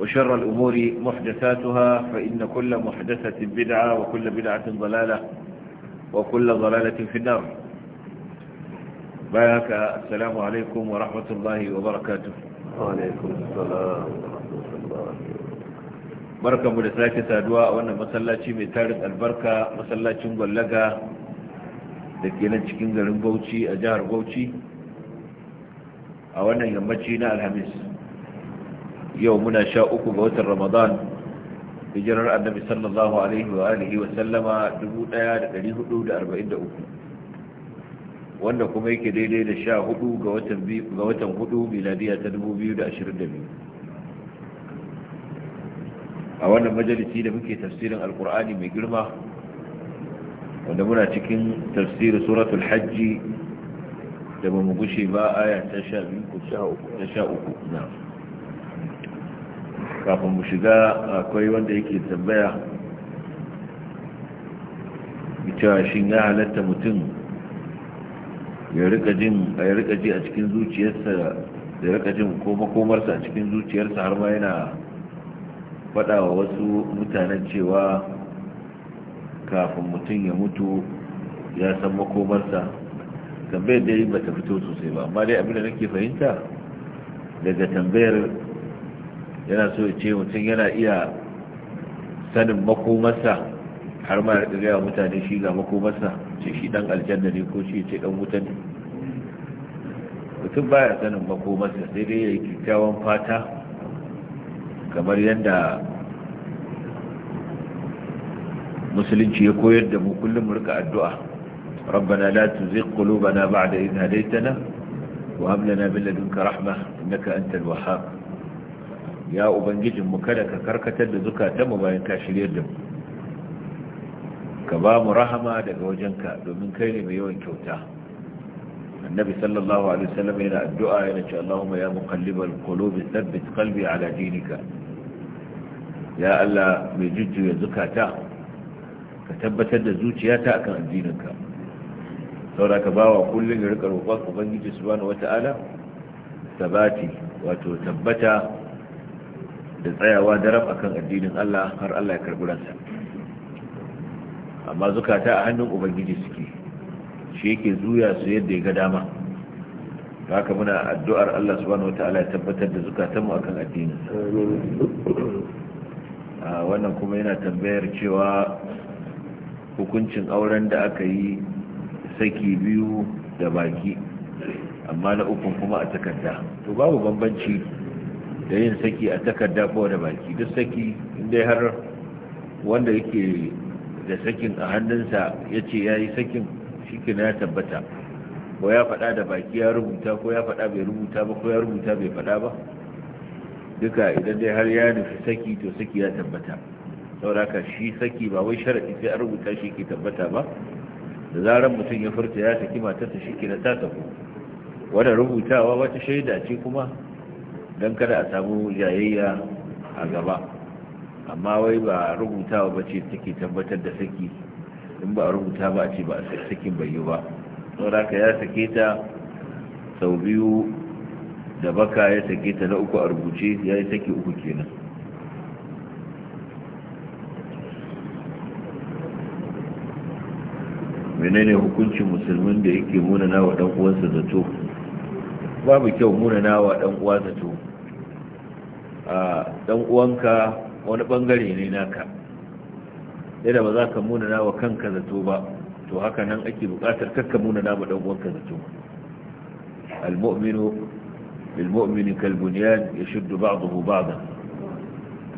وشر الأمور محدثاتها فإن كل محدثة بدعة وكل بدعة ضلالة وكل ضلالة في النار بارك السلام عليكم ورحمة الله وبركاته وعليكم السلام ورحمة الله بركة مدساكة أدواء وأن مسلاتي متارد البركة مسلاتي مغلقة لكينا تشكين غرم بوتي أجار بوتي أولا يمتشينا الهميس yau muna sha uku ga watan ramadan hijirar annabi sallallahu alaihi wa alihi wa sallama 1443 wanda kuma yake daidai da sha hudu ga watan hudu miladiya ta 2022 a wannan majalisi da muke tafsirin alkur'ani mai girma wanda muna cikin tafsirin suratul hajji da ba mu gushe ba aya ta 12 ko 13 na kafin mu shiga akwai wanda yake tambaya cewa shi ya halatta mutum ya rika ji a cikin zuciyarsa da rika jin ko makomarsa a cikin zuciyarsa har ma yana faɗa wa wasu mutanen cewa kafin mutum ya mutu ya san makomarsa tambayar dai ba ta fito sosai ba amma dai abinda nake fahimta daga tambayar yana so ce mutum yana iya sanin makomarsa har ma da gaya mutane shi ga ce shi dan aljanna ne ko shi ce dan wuta ne mutum baya sanin makomarsa sai dai ya yi kyakkyawan fata kamar yadda musulunci ya koyar da mu kullum rika addu'a rabbana la tuzigh qulubana ba'da idh hadaytana wa hab lana min ladunka rahmah innaka antal wahhab ya ubangijinmu kada ka karkatar da zukatanmu bayan ka shiryar da mu ka ba mu rahama daga wajenka domin kai ne mai yawan kyauta annabi sallallahu alaihi wasallam yana addu'a yana ce Allahumma ya muqallibal qulubi thabbit qalbi ala dinika ya Allah mai jujjuya zukata ka tabbatar da zuciyata akan addininka saboda ka bawa kullun ya rika roƙon ubangiji subhanahu wata'ala sabati wato tabbata da tsayawa rab akan addinin Allah har Allah ya karbi ransa amma zukata a hannun ubangiji suke shi yake zuya su yadda ya ga dama haka muna addu'ar Allah subhanahu wataala ya tabbatar da mu akan addinin sa wannan kuma yana tambayar cewa hukuncin auren da aka yi saki biyu da baki amma na ukun kuma a takarda to babu bambanci da yin saki a takarda ko da baki duk saki inda har wanda yake da sakin a hannunsa ya ce ya yi sakin shi ya tabbata ko ya faɗa da baki ya rubuta ko ya faɗa bai rubuta ba ko ya rubuta bai faɗa ba duka idan dai har ya nufi saki to saki ya tabbata sauraka shi saki ba wai sharaɗi sai an rubuta shi ke tabbata ba da zarar mutum ya furta ya saki matarsa shi ke na ta tafi wadda rubutawa wata shaida ce kuma don kada a samu jayayya a gaba amma wai ba rubutawa ba ce take tabbatar da saki in ba a rubuta ba ce ba a sakin bai yi ba saboda ka ya sake ta sau biyu da baka ya sake ta na uku a rubuce ya yi sake uku kenan menene hukuncin musulmin da yake munana wa dan uwansa zato babu kyau munana wa dan uwa zato a dan uwanka wani bangare ne naka da ba za ka munana wa kanka zato ba to haka nan ake bukatar kakka munana wa dan uwanka zato al-mu'minu lil-mu'mini kal-bunyan yashuddu ba'dahu ba'dan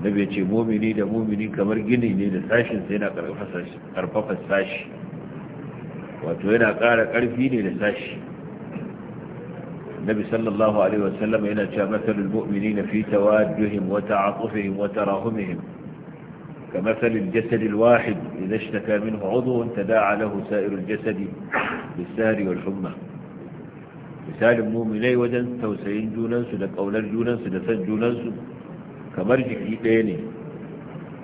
nabi yace mu'mini da mu'mini kamar gini ne da sashin sai yana karfafa sashi wato yana ƙara ƙarfi ne da sashi النبي صلى الله عليه وسلم إلى مثل المؤمنين في تواجههم وتعاطفهم وتراهمهم كمثل الجسد الواحد إذا اشتكى منه عضو تداعى له سائر الجسد بالسهر والحمى مثال المؤمني ودن توسعين جونس لك أولاد جونس لفت جونس كمرجك إيقيني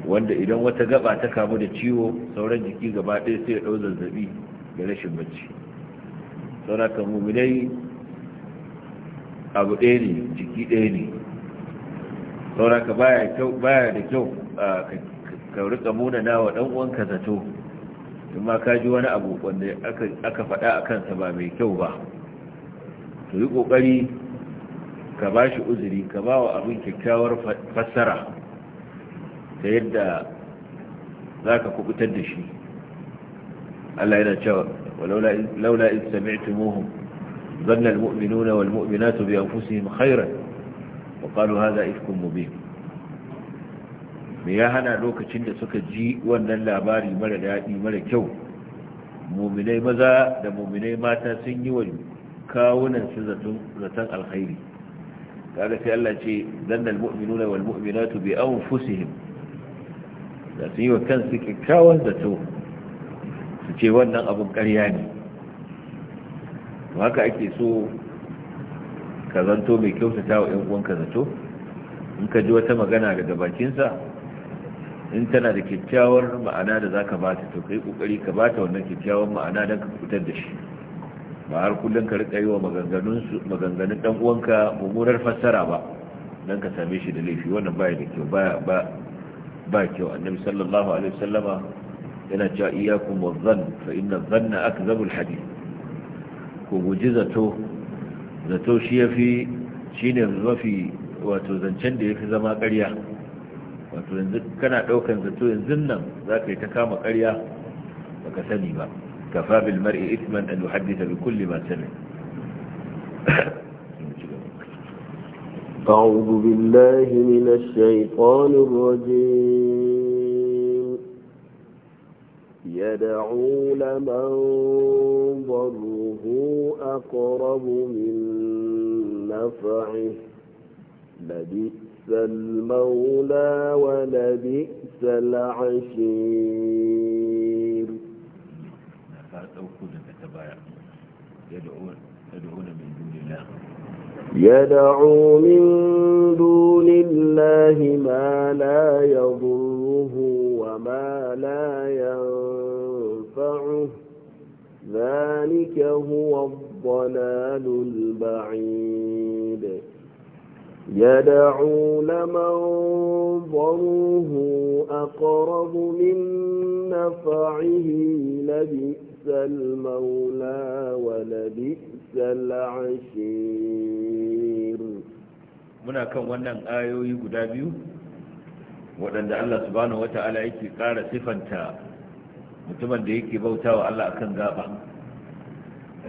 وأن إذا وتقبع تكامل تشيو سورجك إيقبع تيسير عوز الزبي جلش المجي سورك المؤمني abu ɗaya ne jiki ɗaya ne ka baya da kyau ka rika munana wa ɗan uwanka zato amma ka ji wani abu wanda aka faɗa a kansa ba mai kyau ba to yi ƙoƙari ka ba shi uzuri ka ba wa abin kyakkyawar fassara ta yadda za ka kubutar da shi Allah yana cewa laula in sami'tumuhum ظن المؤمنون والمؤمنات بأنفسهم خيرا وقالوا هذا إفك مبين me ya hana lokacin da suka ji wannan labari mara daɗi mara kyau muminai maza da muminai mata sun yi wa kawunan su zaton alkhairi kaga sai Allah ce zannal mu'minuna wal mu'minatu bi anfusihim da su yi wa kansu su ce wannan abun karya ne haka ake so ka zanto mai kyautata wa 'yan ka zato in ka ji wata magana daga bakinsa in tana da kyakkyawar ma'ana da za ka ba ta to kai kokari ka ba ta wannan kyakkyawar ma'ana don ka fitar da shi ba har kullum ka rika yi wa maganganun ɗan uwanka mummunar fassara ba don ka same shi da laifi wannan baya da kyau ba kyau annabi sallallahu alaihi wasallama yana cewa iyyakum wadh-dhann fa inna dhanna akdhabul hadith ko guji zato zato shi ya fi shi ne mafi wato zancen da ya fi zama ƙarya wato yanzu kana ɗaukan zato yanzu nan za ka yi ta kama ƙarya ba ka sani ba ka fabil mar'i isman an yuhaddisa bi kulli ma sami أعوذ بالله من الشيطان الرجيم يدعو لمن ضره أقرب من نفعه لبئس المولى ولبئس العشير يدعون من دون الله يدعو من دون الله ما لا يضره وما لا ينفعه ذلك هو الضلال البعيد يدعو لمن ضره أقرب من نفعه لبئس المولى ولبئس العشير muna kan wannan ayoyi guda biyu waɗanda Allah subhanahu wata'ala yake kara sifanta mutumin da yake bautawa Allah akan gaba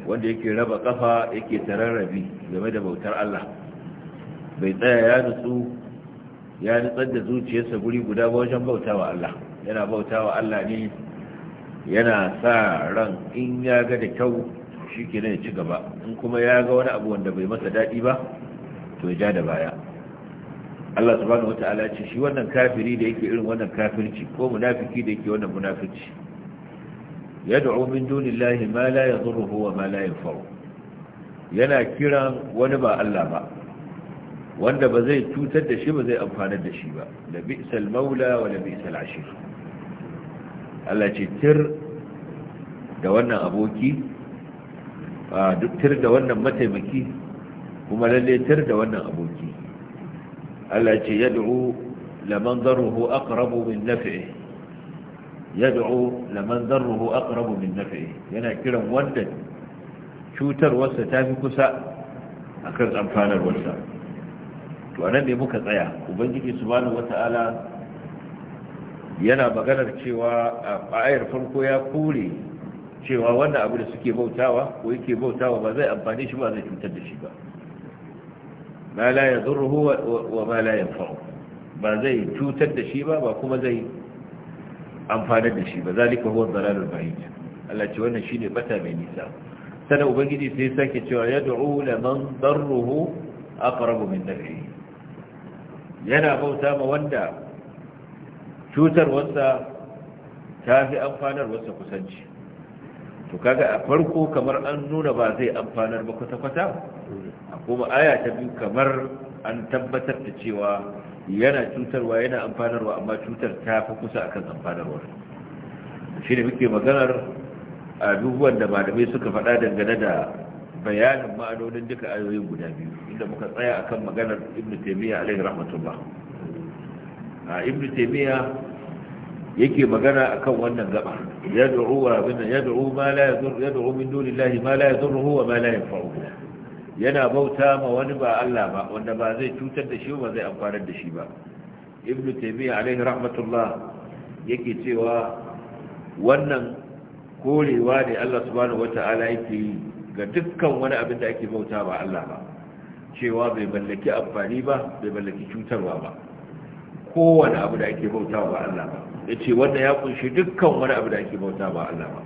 wanda yake raba kafa yake tararrabi game da bautar Allah bai tsaya ya nutsu ya nutsar da zuciyarsa guri guda ba wajen bautawa Allah yana bautawa Allah ne yana sa ran in ya ga da kyau shi ke ya ci gaba in kuma ya ga wani abu wanda bai masa daɗi ba to ya ja da baya Allah subhanahu wata'ala ce shi wannan kafiri da yake irin wannan kafirci ko munafiki da yake wannan munafici yad'u min dunillahi ma la yadhurruhu wa ma la yanfa'u yana kiran wani ba Allah ba wanda ba zai cutar da shi ba zai amfanar da shi ba da bi'sal maula wa da bi'sal ashir Allah ce tir da wannan aboki duk tir da wannan mataimaki kuma lalle tir da wannan aboki Allah ce yad'u laman darruhu aqrabu min naf'ihi yad'u laman darruhu aqrabu min naf'ihi yana kiran wanda cutarwarsa ta fi kusa a kan wasa to anan ne muka tsaya ubangiji subhanahu wata'ala yana maganar cewa a ayar farko ya kore cewa wannan abu da suke bautawa ko yake bautawa ba zai amfani shi ba zai cutar da shi ba ma la yadurruhu wa ma la yanfa'u ba zai cutar da shi ba ba kuma zai amfanar da shi ba zalika huwa dalalul ba'id Allah ce wannan shine bata mai nisa sana ubangiji sai sake cewa yad'u laman darruhu aqrabu min naf'ihi yana bauta ma wanda cutar wansa ta fi amfanarwarsa kusanci to kaga a farko kamar an nuna ba zai amfanar ba kwata-kwata kuma aya ta biyu kamar an tabbatar da cewa yana cutarwa yana amfanarwa amma cutar ta fi kusa akan amfanarwa shi ne muke maganar abubuwan da malamai suka faɗa dangane da bayanin ma'anonin duka ayoyin guda biyu inda muka tsaya akan maganar ibn taimiyya alaihi rahmatullah a ibn taimiyya yake magana akan wannan gaba yad'u wa ma la yadur min dunillahi ma la wa ma la yana bauta ma wani ba Allah ba wanda ba zai cutar da shi ba zai amfanar da shi ba ibnu taymiya alaihi rahmatullah yake cewa wannan korewa ne Allah subhanahu wata'ala yake yi ga dukkan wani abin da ake bauta ba Allah ba cewa bai mallaki amfani ba bai mallaki cutarwa ba kowane abu da ake bauta ba Allah ba ya ce wanda ya kunshi dukkan wani abu da ake bauta ba Allah ba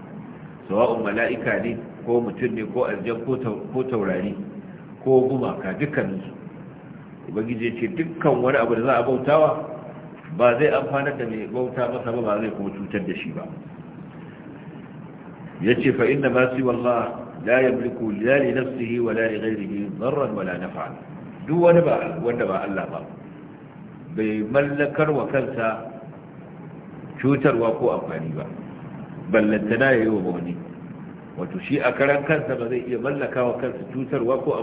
sawa'un mala'ika ne ko mutum ne ko aljan ko taurari ko gumaka dukkaninsu ubangiji ya ce dukkan wani abu da za a bautawa ba zai amfanar da mai bauta masa ba ba zai kuma cutar da shi ba ya ce fa'in inda ma siwa Allah la mulku, la li nafsihi wa la li ghayrihi darran wa la nafa'a duk wani ba wanda ba Allah ba bai mallakar wa kansa cutarwa ko amfani ba ballantana ya yi wa wani wato shi a karan kansa ba zai iya mallaka wa kansa cutarwa ko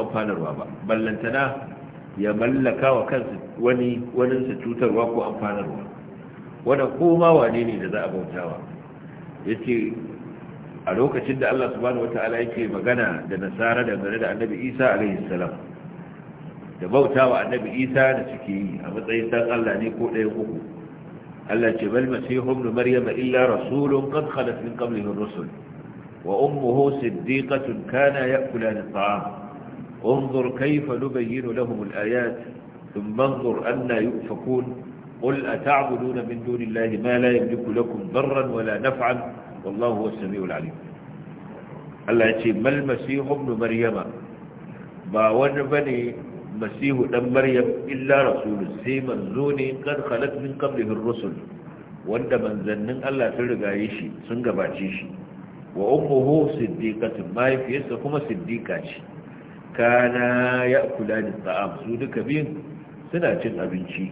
amfanarwa ba ballantana ya mallaka wa kansa wani waninsa cutarwa ko amfanarwa wanda koma wane ne da za a bautawa ya ce a lokacin da allah subhanahu wa ta'ala yake magana da nasara da dangane da annabi isa alaihi salam da bauta wa annabi isa da suke yi a matsayin dan allah ne ko ɗayan uku allah ce bal masihu ibn maryama illa rasulun qad khalat min qablihi ar-rusul wa ummuhu siddiqatun kana ya'kulani at-ta'am انظر كيف نبين لهم الآيات ثم انظر أنا يؤفكون قل أتعبدون من دون الله ما لا يملك لكم ضرا ولا نفعا والله هو السميع العليم Allah ce mal masihu ibn maryama ba wani bane masihu dan maryam illa rasulun sai manzo ne kan khalat min qablihi ar-rusul wanda manzannin Allah sun rigaye shi sun gabace shi wa ummuhu siddiqatun mahaifiyarsa kuma siddiqa ce kana ya'kulani ta'am su duka biyun suna cin abinci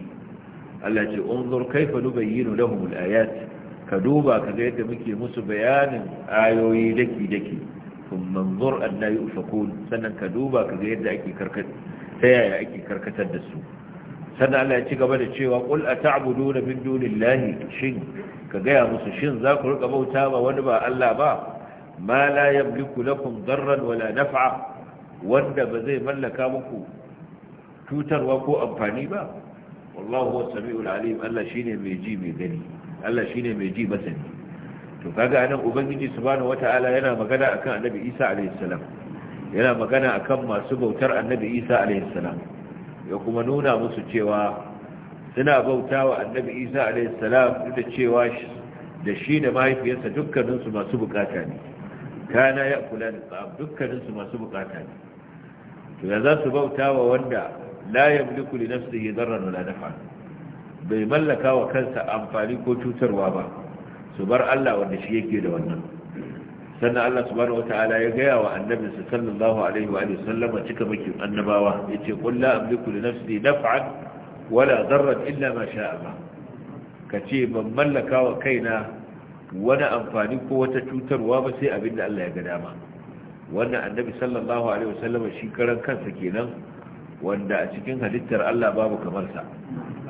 Allah ce unzur kaifa nubayyinu lahum al-ayat ka duba ka ga yadda muke musu bayanin ayoyi daki daki kun manzur annayu yufakun sannan ka duba ka ga yadda ake ta yaya ake karkatar da su sannan Allah ya ci gaba da cewa qul ata'buduna min dunillahi shin ka gaya musu shin za ku rika bauta ba wani ba Allah ba ma la yamliku lakum darran wala naf'a wanda ba zai mallaka muku cutarwa ko amfani ba wallahu was-sami'ul alim Allah shine mai ji mai gani Allah shine mai ji masani to kaga anan ubangiji subhanahu wataala yana magana akan annabi Isa alayhi salam yana magana akan masu bautar annabi isa alaihissalam ya kuma nuna musu cewa suna bauta wa annabi isa alaihissalam duk da cewa da shi da mahaifiyarsa dukkaninsu masu bukata ne kana ya kula da tsam dukkaninsu masu bukata ne to ya za su bauta wa wanda la yamliku li nafsihi darran wala nafa bai mallaka wa kansa amfani ko cutarwa ba su bar Allah wanda shi yake da wannan sannan Allah subhanahu wataala ya gaya wa annabi sallallahu alaihi wa alihi sallama cika miki annabawa yace qul la amliku li nafsi naf'an wala darran illa ma sha Allah kace ban mallaka wa kaina wani amfani ko wata cutarwa ba sai abinda Allah ya ga dama wannan annabi sallallahu alaihi wa sallama shi karan kansa kenan wanda a cikin halittar Allah babu kamar sa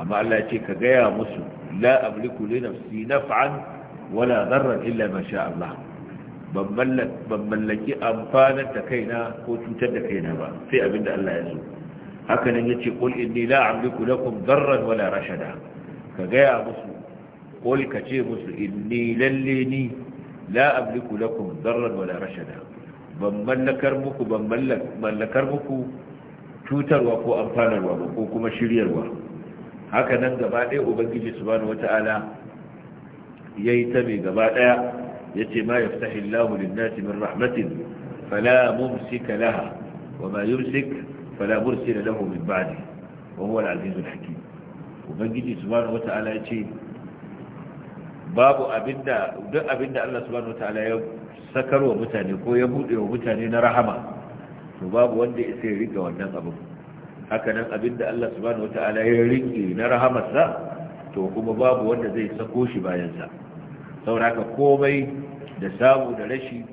amma Allah ya ce ka gaya musu la amliku li nafsi naf'an wala darran illa ma sha Allah ban mallaki amfanar da kaina ko cutar da kaina ba sai abinda Allah ya so haka nan yace qul inni la amliku lakum darran wala rashada ka gaya musu qul ka ce musu inni lalle ni la amliku lakum darran wala rashada ban mallakar muku ban mallakar muku cutarwa ko amfanarwa ba ko kuma shiryarwa haka nan gaba ɗaya ubangiji subhanahu wata'ala yayi ta mai gaba ɗaya yace ma yaftahi Allahu lin-nasi min rahmatin fala mumsika laha wa ma yumsik fala mursila lahu min ba'di wa huwa al-'azizul hakim ubangiji subhanahu wata'ala yace babu abinda duk abinda Allah subhanahu wata'ala ya sakarwa mutane ko ya bude wa mutane na rahama to babu wanda ya sai riga wannan nan abinda Allah ya rike na sa to kuma babu wanda zai sako shi bayan sa sauraka komai da samu da rashi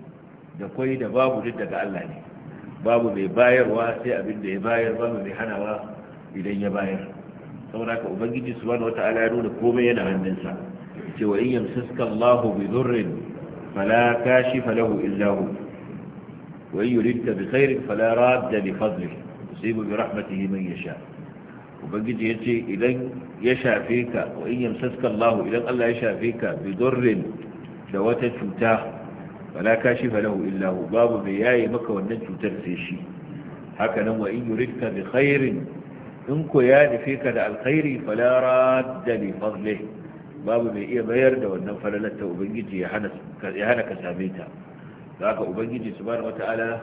da kwai da babu duk daga Allah ne babu mai bayarwa sai abin da ya bayar babu mai hanawa idan ya bayar sauraka ubangiji subhanahu wata al'adu da komai yana hannunsa ce wa iya yamsaka Allahu bi dhurrin fala kashifa lahu illa hu wa in yuridka bi khairin fala radda li fadlihi yusibu bi rahmatihi man yasha' ubangiji ya ce idan ya shafe ka wa in yamsaska Allah idan Allah ya shafe ka bi durrin da wata cuta wala kashifa lahu illa hu babu mai yayi maka wannan cutar sai shi haka nan wa in yuridka bi khairin in ko ya nufe ka da alkhairi fala radda li fadlih babu mai iya bayar da wannan falalar ta ubangiji ya hana ka same ta haka ubangiji subhanahu wataala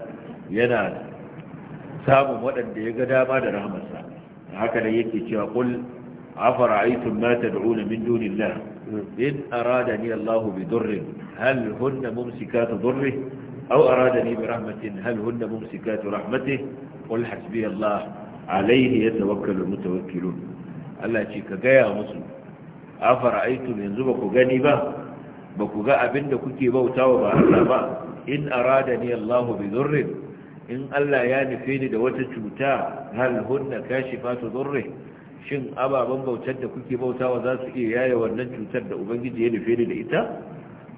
yana samun waɗanda ya ga dama da rahmarsa haka nan yake cewa qul afara'aytum ma tad'una min dunillah in aradani Allah bi durrin hal hunna mumsikatu durrihi aw aradani bi rahmatin hal hunna mumsikatu rahmatihi qul hasbi Allah alayhi yatawakkalu almutawakkilun Allah ce ka gaya musu afara'aytum yanzu ba ku gani ba ba ku ga abinda kuke bautawa ba Allah ba in aradani Allah in Allah ya nufe ni da wata cuta hal hunna kashifatu dhurri shin ababen bautar da kuke bautawa za su iya yaya wannan cutar da ubangiji ya nufi ni da ita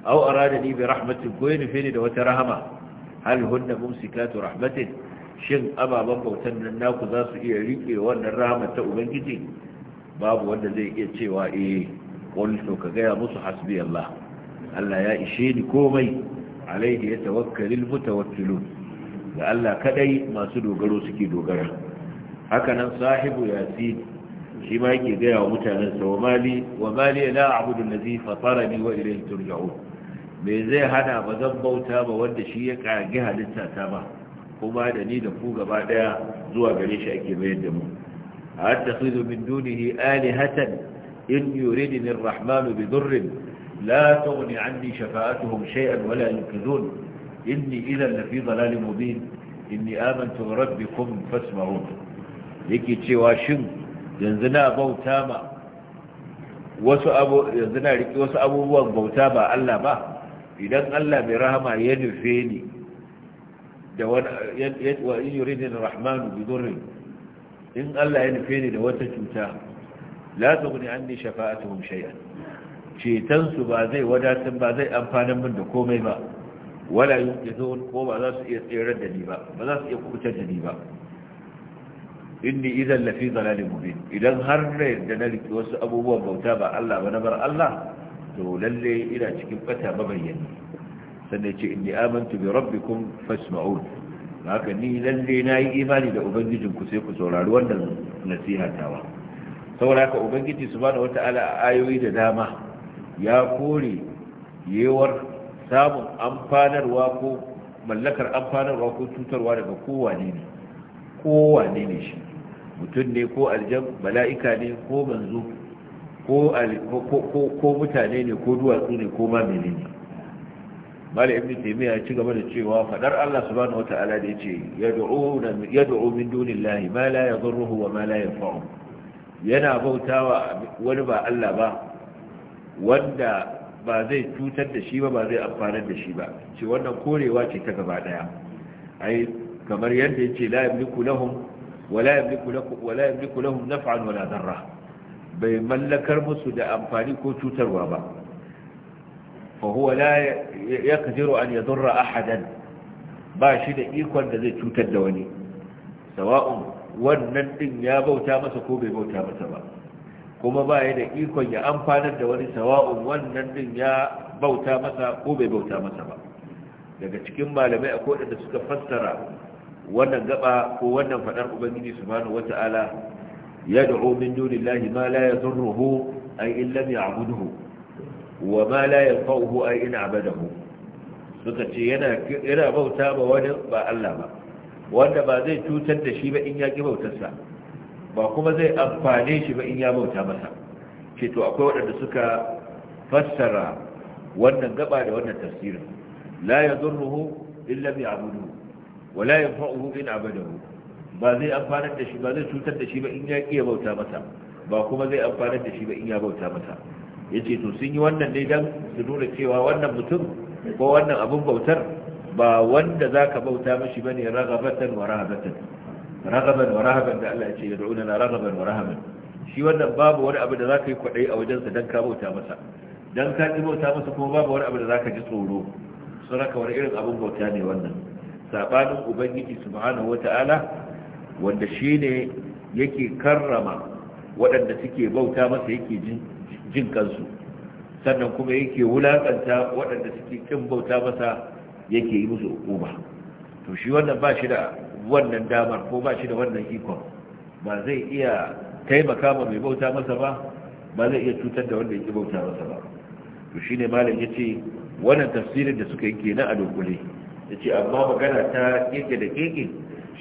aw arada ni bi rahmatin ko ya nufe ni da wata rahama hal hunna mumsikatu rahmatin shin ababen bautar nan naku za su iya rike wannan rahama ta ubangiji babu wanda zai iya cewa eh wani to ka gaya musu hasbi Allah Allah ya ishe ni komai alaihi yatawakkalul mutawakkilun ga Allah kadai masu dogaro suke dogara haka nan sahibu yasin shi ma yake gaya wa mutanensa wa mali wa mali la a'budu allazi fatarani wa ilayhi turja'un me zai hana ba zan bauta ba wanda shi ya kage halitta ta ba kuma da ni da ku gaba daya zuwa gare shi ake bayar da mu attakhidhu min dunihi alihatan in yuridni Rahmanu bidurrin la tughni anni shafa'atuhum shay'an wa la yunkizun inni idan lafi dalali mubin inni amantu bi rabbikum fasma'un yake cewa shin yanzu na bauta ma wasu abubuwan bauta ba Allah ba idan Allah mai rahama ya nufe ni da wani wa in yuridin rahmanu bidurrin in Allah ya nufe ni da wata cuta ba zai ba zai min da komai ba wala yunqizun ko ba za su iya tseren da ni ba ba za su iya kubutar da ni ba inni idan lafi zalalin mubin idan har na yadda na riki wasu abubuwan bauta ba Allah ba na bar Allah to lalle ina cikin fata mabayyani sannan ce inni amantu bi rabbikum fasma'un haka ni lalle na yi imani da ubangijin ku sai ku saurari wannan nasiha tawa saboda haka ubangiji subhanahu wata'ala a ayoyi da dama ya kore yewar samun amfanarwa ko mallakar amfanarwa ko cutarwa daga kowane ne kowane ne shi mutum ne ko aljan mala'ika ne ko manzo ko mutane ne ko duwatsu ne ko mamini ne mala ibn ya ci gaba da cewa fadar Allah subhanahu Ta'ala da yace yad'una yad'u min dunillahi ma la yadhurruhu wa ma la yanfa'u yana bautawa wani ba Allah ba wanda ba zai cutar da shi ba ba zai amfanar da shi ba ce wannan korewa ce ta gaba daya ai kamar yadda yace la yamliku lahum wala yamliku lakum wala yamliku lahum naf'an wala darra bai mallakar musu da amfani ko cutarwa ba fa huwa la yaqdiru an yadurra ahadan ba shi da ikon da zai cutar da wani sawa'un wannan din ya bauta masa ko bai bauta masa ba kuma ba ya da ikon ya amfanar da wani sawa'un wannan din ya bauta masa ko bai bauta masa ba daga cikin malamai akwai wadanda suka fassara wannan gaba ko wannan faɗar ubangiji subhanahu wata'ala ya da'u min dunillahi ma la yadurruhu ay in lam ya'budhu wa ma la yanfa'uhu ay in abadahu suka ce yana yana bauta ba wani ba Allah ba wanda ba zai cutar da shi ba in ya ki bautarsa ba kuma zai amfane shi ba in ya bauta masa ce to akwai waɗanda suka fassara wannan gaba da wannan tafsirin la yadurruhu illa bi abudu wa la yanfa'uhu in abadahu ba zai amfanar da shi ba zai cutar da shi ba in ya iya bauta masa ba kuma zai amfanar da shi ba in ya bauta masa yace to sun yi wannan ne dan su nuna cewa wannan mutum ko wannan abun bautar ba wanda zaka bauta mishi bane ragabatan wa rahabatan ragaban wa rahaban da Allah ya ce yad'una na ragaban wa rahaban shi wannan babu wani abu da zaka yi kwadai a wajensa dan ka bauta masa dan ka ji bauta masa kuma babu wani abu da zaka ji tsoro saraka wani irin abun bauta ne wannan sabanin ubangiji subhanahu wata'ala wanda shine yake karrama waɗanda suke bauta masa yake jin kansu sannan kuma yake wulakanta waɗanda suke kin bauta masa yake yi musu hukuma to shi wannan ba shi da wannan damar ko ba shi da wannan ikon ba zai iya taimaka ma mai bauta masa ba ba zai iya cutar da wanda yake bauta masa ba to ne malam yace wannan tafsirin da suka yi kenan a ya yace amma magana ta kike da shi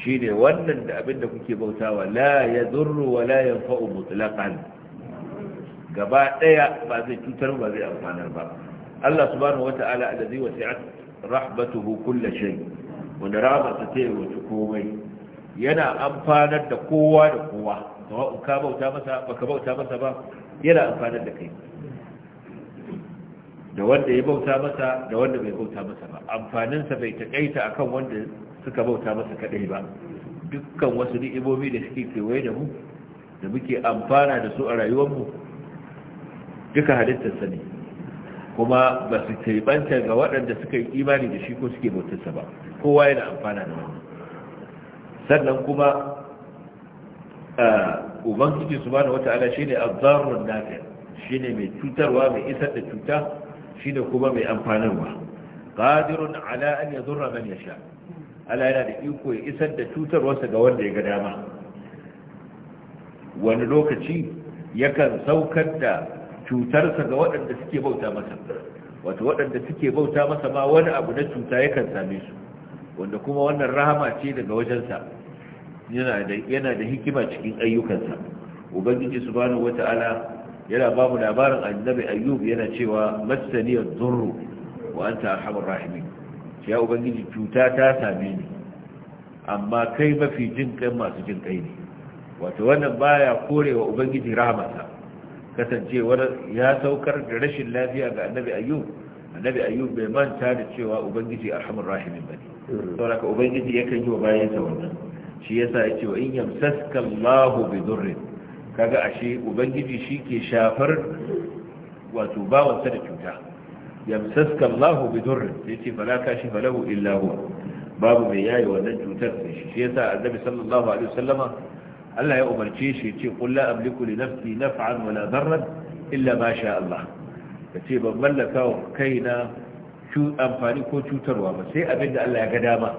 shine wannan da abinda kuke bautawa la yadurru wa la yanfa'u mutlaqan gaba ɗaya ba zai cutar ba zai amfanar ba Allah subhanahu wata'ala allazi wasi'at rahmatuhu kulla shai. wanda rama ta ce wuce komai yana amfanar da kowa da kowa ba ka bauta masa ba ka bauta masa ba yana amfanar da kai da wanda ya bauta masa da wanda bai bauta masa ba amfaninsa bai taƙaita akan wanda suka bauta masa kaɗai ba dukkan wasu ni'imomi da suke kewaye da mu da muke amfana da su a rayuwarmu duka halittarsa ne kuma ba su taibanta ga waɗanda suka yi imani da shi ko suke bautarsa ba kowa yana amfana da wani. sannan kuma ubangiji ne wata'ala shine azzarun Shi ne mai cutarwa mai isar da cuta shi ne kuma mai amfanarwa qadirun ala an yadurra man ya sha. Ala yana da iko ya isar da cutarwarsa ga wanda ya ga dama wani lokaci yakan saukar da cutarsa ga waɗanda suke bauta masa wato waɗanda suke bauta masa ma wani abu na cuta yakan same su wanda kuma wannan rahama ce daga wajensa yana da hikima cikin ayyukansa ubangiji wa wata'ala yana babu labarin annabi ayyub yana cewa matsaniyar zurru wa an arhamur rahimi ya ubangiji cuta ta same ni amma kai mafi jin kai masu jin kai ne wato wannan baya korewa ubangiji rahamarsa kasancewar ya saukar da rashin lafiya ga annabi ayyub annabi ayyub bai manta da cewa ubangiji arhamur rahimin bane mm. saboda ka ubangiji yakan yi wa bayansa wannan shi yasa yace wa in yamsaska Allahu bi durrin kaga ashe ubangiji shi ke shafar wato bawansa da cuta yamsaska Allahu bi durrin yace fala kashifa lahu illa huwa babu mai yayi wannan cutar shi yasa annabi sallallahu alaihi wasallama Allah ya umarce shi yace qul la amliku li nafsi naf'an wala darran illa ma sha Allah ka ce ban mallaka wa na amfani ko cutarwa ba sai abin da Allah ya ga dama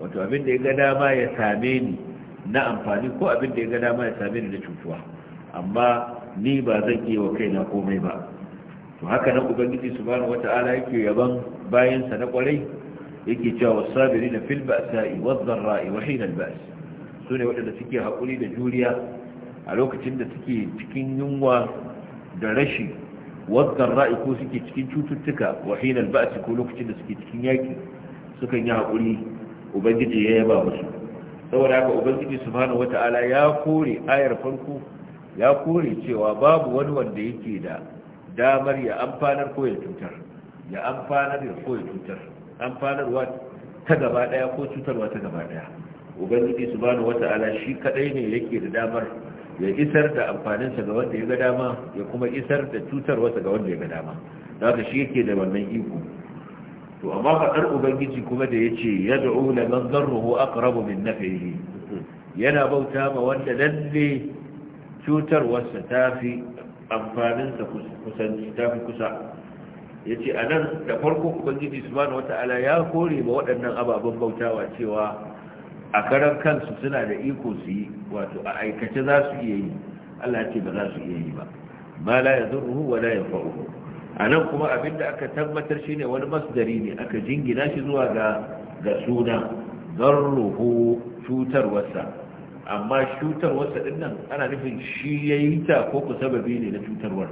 wato abin ya ga dama ya same ni na amfani ko abin ya ga dama ya same ni na cutuwa amma ni ba zan iya wa kai na komai ba to haka nan ubangiji subhanahu wata'ala yake yaban bayansa na kwarai yake cewa na fil ba'sa'i wa dharrai wa hina al-ba's sune wadanda suke hakuri da juriya a lokacin da suke cikin yunwa da rashi wadkar ra'i ko suke cikin cututtuka wa hinal ba'si ko lokacin da suke cikin yaki sukan yi haƙuri ubangiji ya yaba musu saboda haka ubangiji subhanahu wata'ala ya kore ayar farko ya kore cewa babu wani wanda yake da damar ya amfanar ko ya cutar ya amfanar ya ko ya cutar amfanarwa ta gaba daya ko cutarwa ta gaba daya ubangiji subhanahu wata'ala shi kadai ne yake da damar ya isar da amfaninsa ga wanda ya ga dama ya kuma isar da wasa ga wanda ya ga dama da haka shi yake da wannan iko to amma faɗar ubangiji kuma da ya ce ya da'u la man zarruhu aqrabu min nafihi yana bauta ma wanda lalle wasa ta fi amfaninsa kusanci ta fi kusa ya ce a nan da farko ubangiji subhanahu wata'ala ya kore ma waɗannan ababen bautawa cewa a kansu suna da iko su yi wato a aikace za su iya yi Allah ce ba za su iya yi ba ma la yadurruhu wa la A anan kuma abinda aka tabbatar shine wani masdari ne aka jingina shi zuwa ga ga suna darruhu cutarwarsa amma cutarwarsa din nan ana nufin shi yi ta ko ku sababi ne na cutarwar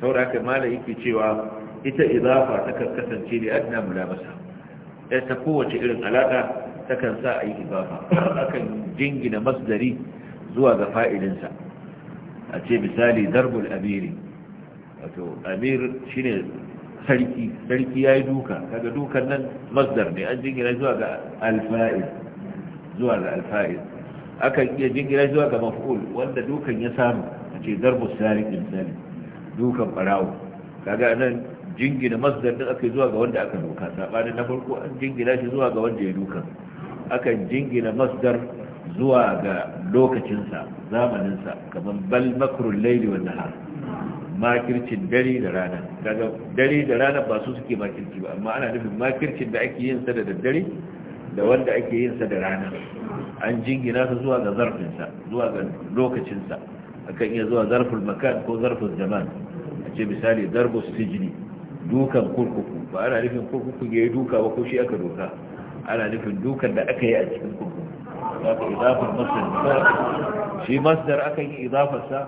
saboda haka malai yake cewa ita idafa ta kasance ne adna mulabasa ya ta kowace irin alaka takan sa a yi ibafa akan jingina masdari zuwa ga fa'ilinsa a ce misali darbul amiri wato amir shine sarki sarki ya yi duka daga dukan nan masdar ne an jingina zuwa ga alfa'il zuwa ga alfa'il akan iya jingina zuwa ga maf'ul wanda dukan ya samu a ce darbul sariki misali dukan barawo kaga nan jingina masdar din aka zuwa ga wanda aka duka sabanin na farko an jingina shi zuwa ga wanda ya duka akan jingina masdar zuwa ga lokacinsa zamaninsa kamar bal makrul laili wa nahar makircin dare da rana daga dare da rana ba su suke makirci ba amma ana nufin makircin da ake yin sa da daddare da wanda ake yin sa da rana an jingina su zuwa ga zarfinsa zuwa ga lokacinsa akan iya zuwa zarful makan ko zarful zaman a ce misali zarful sijini dukan kurkuku ba ana nufin kurkuku ya yi duka ba ko shi aka doka ana nufin dukan da aka yi a cikin kurkuku za ka idafar masdar shi masdar aka yi idafarsa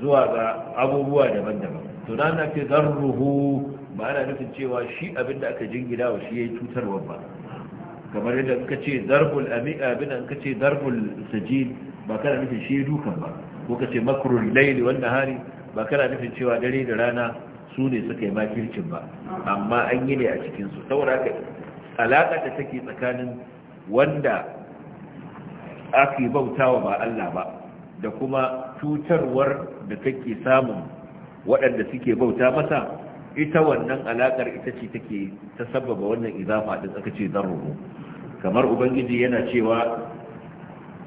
zuwa ga abubuwa daban-daban to na fi ce zarruhu ba ana nufin cewa shi abinda aka jingina wa shi ya yi cutarwa ba kamar yadda in ka ce zarful abin in ka ce zarful sajil ba kana nufin shi ya dukan ba ko ka ce makrul laili wannan hari ba kana nufin cewa dare da rana su ne suka yi makircin ba amma an yi ne a cikinsu saboda haka alaƙa da take tsakanin wanda ake bautawa ba Allah ba da kuma cutarwar da take samun waɗanda suke bauta masa ita wannan alaƙar ita ce take ta sababa wannan izafa ɗin aka ce zarruhu kamar ubangiji yana cewa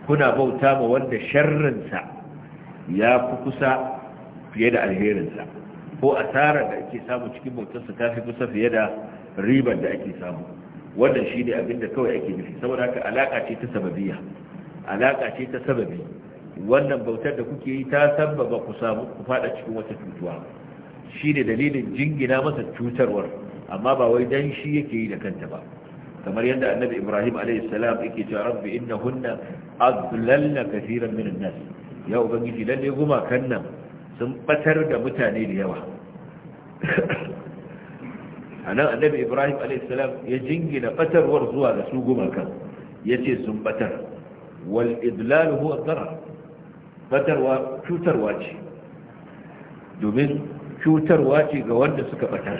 kuna bauta ma wanda sharrinsa ya fi kusa fiye da alherinsa ko asarar da ake samu cikin bautarsa ta fi kusa fiye da ribar da ake samu wannan shi ne abinda kawai ake nufi saboda haka alaƙa ce ta sababiya alaƙa ce ta sababi wannan bautar da kuke yi ta sababa ku samu ku fada cikin wata cutuwa shi ne dalilin jingina masa cutarwar amma ba wai dan shi yake yi da kanta ba kamar yadda annabi ibrahim alayhi salam yake cewa rabbi innahunna adlalna kaseeran minan nas ya ubangiji lalle gumakan nan sun batar da mutane da yawa a nan annabi ibrahim alaihissalam ya jingina batarwar zuwa da su gumakan ya ce sun batar wal idlalu huwa zara batarwa cutarwa ce domin cutarwa ce ga wanda suka batar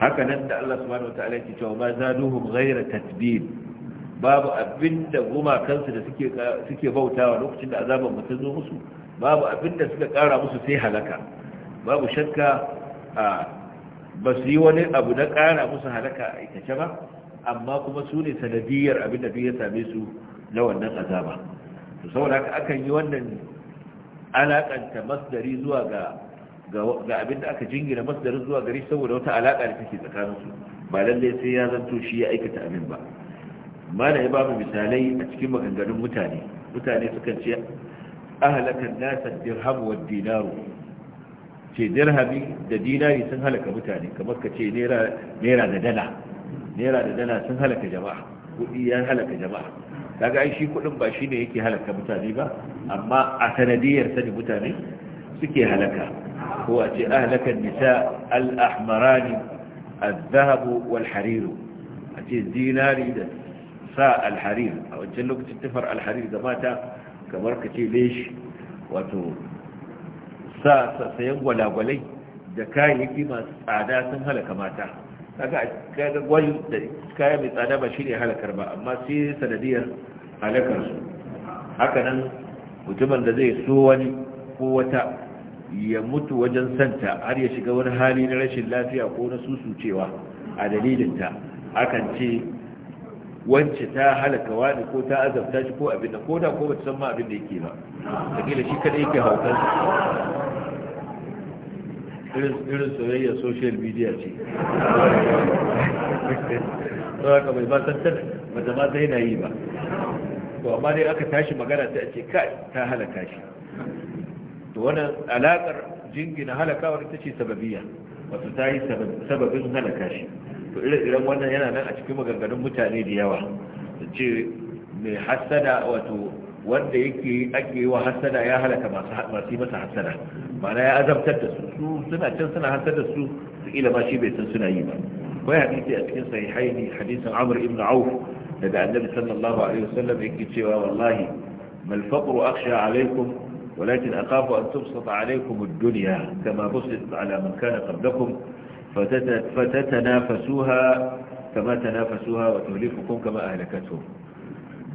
haka nan da allah subhanahu wa ta'ala ke cewa ma zaduhum ghayra tatbib babu abinda gumakansu da suke suke bautawa lokacin da azaban mutum zo musu babu abinda suka kara musu sai halaka babu shakka a ba su yi wani abu na ƙara musu halaka a aikace ba amma kuma su ne sanadiyar abin da duk ya same su na wannan azaba to saboda haka akan yi wannan alakanta masdari zuwa ga ga abin da aka jingina masdarin zuwa gari saboda wata alaka da take tsakanin su ba lalle sai ya zanto shi ya aikata abin ba mana ya ba mu misalai a cikin maganganun mutane mutane sukan ce ahalakan nasa dirham wa dinaru ce dirhami da dinari sun halaka mutane kamar ka ce naira da dala naira da dala sun halaka jama'a kuɗi ya halaka jama'a kaga ai shi kuɗin ba shine yake halaka mutane ba amma a sanadiyar sani mutane suke halaka ko a ce ahlaka nisa al-ahmarani al-dhahab wal harir a ce dinari da sa al-harir a wancan lokacin tufar al-harir da kamar ka ce leshi wato sa sayan gwalagwalai da kayayyaki masu tsada sun halaka mata kaga kaga gwal da kaya mai tsada ba ne halakar ba amma sai sanadiyar halakar su haka nan mutumin da zai so wani ko wata ya mutu wajen santa har ya shiga wani hali na rashin lafiya ko na susucewa a dalilinta akan ce wance ta halaka wani ko ta azabta shi ko abin da ko da ko bata san ma abin da yake ba da shi kada yake hautar irin soyayya social media ce sau haka mai ba zama zai na yi ba to amma dai aka tashi magana ta ce kai ta halaka shi to wannan alakar jingina halakawar ta ce sababiya wasu ta yi sababin halaka shi to irin irin wannan yana nan a cikin maganganun mutane da yawa ce mai hassada wato wanda yake ake wa hasada ya halaka masu masa hasada mana ya azabtar da su suna can suna hasar da su su ila ba shi bai san suna yi ba kai hadisi a cikin sahihaini hadisin amr ibn auf daga annabi sallallahu alaihi wasallam yake cewa wallahi mal faqru akhsha alaikum an tubsat أن ad-dunya kama busit ala man kana qablakum fatatanafasuha kama tanafasuha wa tuhlikukum kama أهلكتهم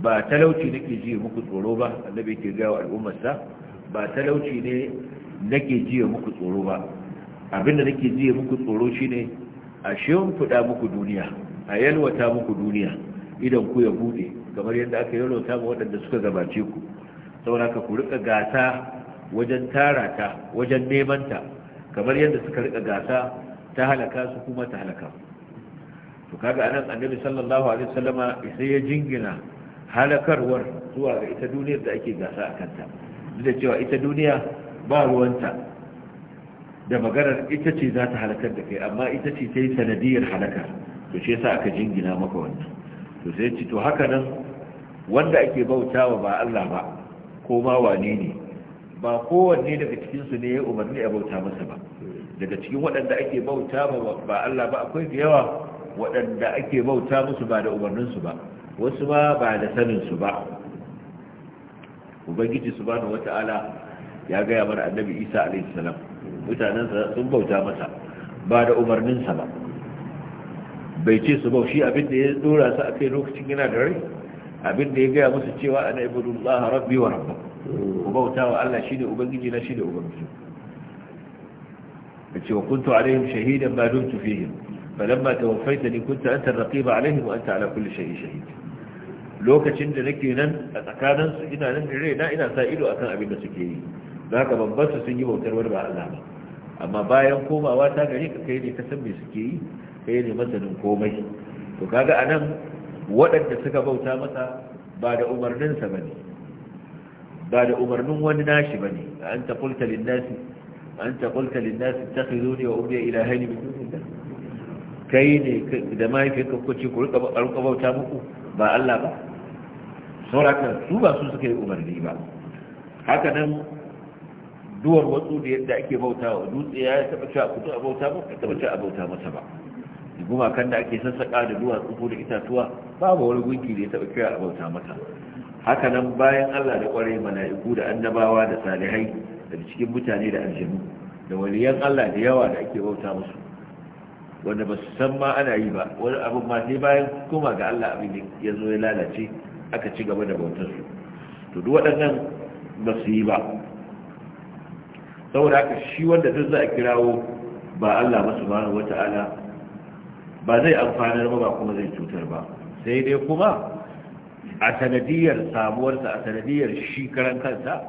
ba talauci nake ji muku tsoro ba annabi ke ga wa al'ummarsa ba talauci ne nake ji muku tsoro ba abinda nake ji muku tsoro shine a fuda muku duniya a yalwata muku duniya idan ku ya bude kamar yadda aka yalwata ma waɗanda suka gabace ku saboda ka ku rika gasa wajen tara ta wajen neman ta kamar yadda suka rika gasa ta halaka su kuma ta halaka to kaga anan annabi sallallahu alaihi wasallama sai ya jingina halakarwar zuwa ga ita duniyar da ake gasa a kanta duk da cewa ita duniya ba ruwanta da maganar ita ce za ta halakar da kai amma ita ce ta yi sanadiyar halakar to shi yasa aka jingina maka wannan to sai ce to haka nan wanda ake bautawa ba Allah ba ko ma wane ne ba kowanne daga cikinsu ne ya umarni a bauta masa ba daga cikin waɗanda ake bauta ba Allah ba akwai da yawa waɗanda ake bauta musu ba da umarnin su ba wasu ma ba da sanin su ba ubangiji subhanahu wata'ala ya gaya mana annabi isa alaihi salam mutanensa sun bauta masa ba da umarninsa ba bai ce su baushi abin da ya dora su a kai lokacin yana da rai abin da ya gaya musu cewa ana ibudun laha rabbi wa rabba ku bauta wa Allah shi shine ubangiji na shi shine ubangiji yace wa kuntu alaihim shahidan ma dumtu fihim falamma tawaffaytani kunta anta ar-raqiba alaihim wa anta ala kulli shay'in shahid lokacin da nake nan a tsakaninsu ina nan da raina ina sa ido akan abin da suke yi za ka babban su sun yi bautar wani ba Allah ba amma bayan komawa ta gari ka kai ne ka san me suke yi kai ne masanin komai to kaga anan waɗanda suka bauta masa ba da umarninsa bane ba da umarnin wani nashi bane an ta qulta lin nasi an ta qulta lin nasi takhizuni wa ummi ilahaini min da kai ne da mahaifiyarka kuce ku rika bauta muku ba Allah ba sauraka su ba su suka yi umarni ba haka nan duwar wasu da yadda ake bauta wa dutse ya taba cewa kudu a bauta ba ka taba cewa a bauta masa ba gumakan da ake sassaƙa da duwatsu ko da itatuwa babu wani gunki da ya taba cewa a bauta masa haka nan bayan Allah da kwarai mala'iku da annabawa da salihai da cikin mutane da aljanu da waliyan Allah da yawa da ake bauta musu wanda ba su san ma ana yi ba wani abin ma sai bayan kuma ga Allah abin ya zo ya lalace aka ci gaba da bautar su, to duk waɗannan ba su yi ba saboda haka shi wanda duk za a kirawo ba Allah ba subhanahu wata'ala ba zai amfanar ba ba kuma zai cutar ba sai dai kuma a sanadiyar samuwarsa a sanadiyar shi karan kansa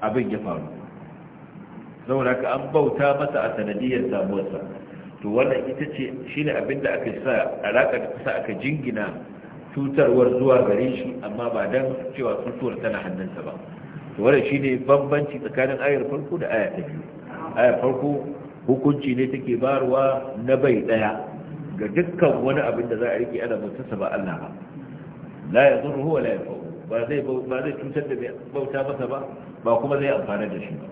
abin ya faru saboda haka an bauta masa a sanadiyar samuwarsa to wannan ita ce shine abin da aka sa alaƙa da kusa aka jingina cutarwar zuwa gare shi amma ba don cewa cutuwar tana hannunsa ba to wannan ne bambanci tsakanin ayar farko da aya ta biyu ayar farko hukunci ne take barwa na bai daya ga dukkan wani abin da za a riƙe ana mutunsa ba Allah ba la yadurru wa la yanfa'u ba zai ba zai cutar da bauta masa ba ba kuma zai amfana da shi ba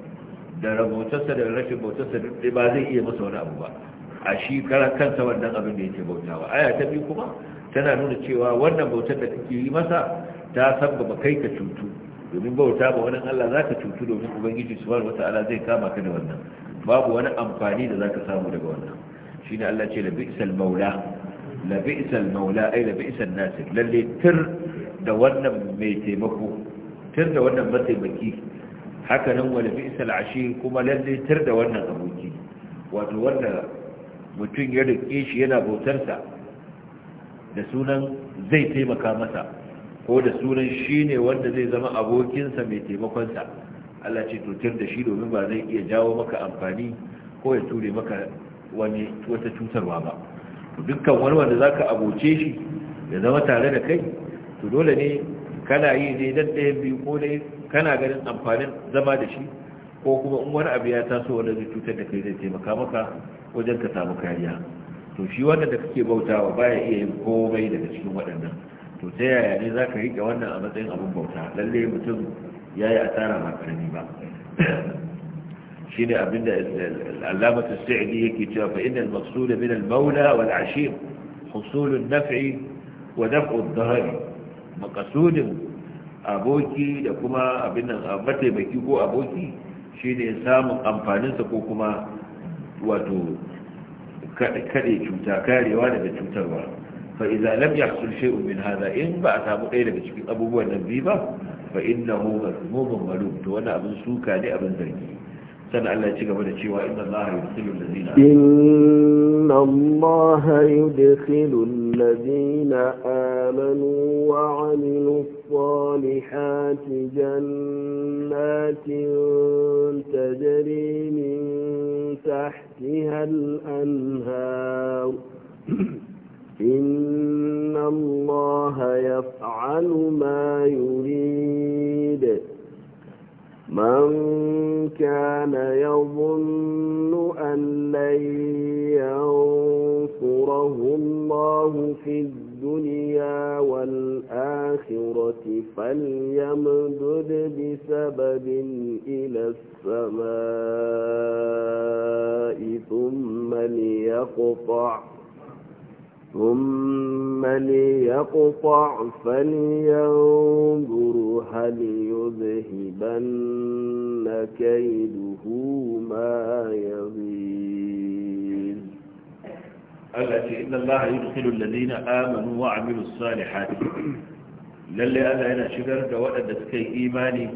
da rabotarsa da rashin bautarsa ba zai iya masa wani abu ba a shi karan kansa wannan abin da yake bautawa aya ta biyu kuma tana nuna cewa wannan bautar da kake yi masa ta sabbaba kai ka cutu domin bauta ba wani Allah za ka cutu domin ubangiji subhanahu wata'ala zai kama ka da wannan babu wani amfani da za ka samu daga wannan shi ne Allah ce labi'sal maula labi'sal maula ai labi'san nasir lalle tir da wannan mai taimako tir da wannan mataimaki haka nan wala bi'sal ashir kuma lalle tir da wannan aboki wato wanda mutum ya rike shi yana bautarsa da sunan zai taimaka masa ko da sunan shi ne wanda zai zama abokinsa mai taimakonsa Allah ce tutar da shi domin ba zai iya jawo maka amfani ko ya ture maka wani wata cutarwa ba dukkan wani wanda za ka aboce shi ya zama tare da kai to dole ne kana yi ne don ɗayan biyu ko dai kana ganin amfanin zama da shi ko kuma in wani abu ya taso wanda zai cutar da kai zai taimaka maka wajen ka samu kariya to shi wannan da kake bautawa baya iya yin komai daga cikin waɗannan to ta yaya ne za ka riƙe wannan a matsayin abin bauta lalle mutum ya yi asara ba ƙarami ba shi ne abin da alamatu sa'idi yake cewa fa inda maksu da min al mawla wal ashir husulun naf'i wa daf'u dhahari aboki da kuma abin nan mataimaki ko aboki shine samun amfaninsa ko kuma wato kaɗe cuta karewa daga cutarwa fa iza lam yahsul shay'un min hadha in ba a samu ɗaya daga cikin abubuwan nan biyu ba fa innahu mazmumun malum to wani abin suka ne abin zargi sannan Allah ya ci gaba da cewa inna Allah yudkhilul ladina inna Allah yudkhilul الذين آمنوا وعملوا الصالحات جنات تجري من تحتها الأنهار إن الله يفعل ما يريد من كان يظن أن لن ينصرهم الله في الدنيا والآخرة فليمدد بسبب إلى السماء ثم ليقطع ثم ليقطع فلينظر هل يذهبن كيده ما يغيظ Allah ce inna Allah amanu wa amilus salihati lalle Allah yana shigar da waɗanda suka yi imani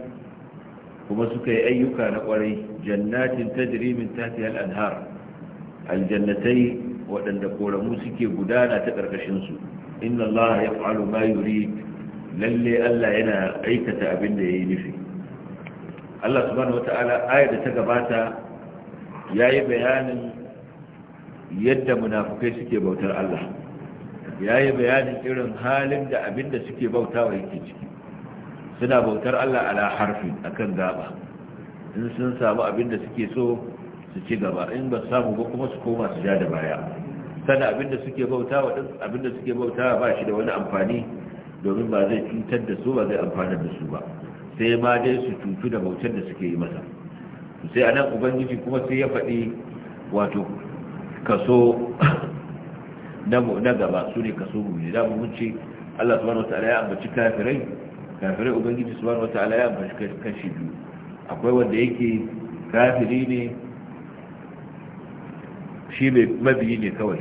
kuma suka yi ayyuka na kwarai jannatin tajri min tahtiha al-anhar aljannatai waɗanda koramu suke gudana ta karkashin su inna Allah yaf'alu ma yurid lalle Allah yana aikata abin da yayi nufi Allah subhanahu wata'ala ayar da ta gabata yayi bayanin yadda munafukai suke bautar Allah ya yi bayanin irin halin da abin da suke bautawa yake ciki suna bautar Allah ala harfi akan gaba in sun samu abin da suke so su ci gaba in ba samu ba kuma su koma su ja da baya sana abin da suke bautawa ɗin abin da suke bautawa ba shi da wani amfani domin ba zai cutar da su ba zai amfanar da su ba sai ma dai su cutu da bautar da suke yi masa sai anan ubangiji kuma sai ya faɗi wato kaso na gaba su ne kaso gobe da mun ce Allah subhanahu wataala ya ambaci kafirai kafirai ubangiji subhanahu wataala ya ambaci kashi biyu akwai wanda yake kafiri ne shi mai mabiyi ne kawai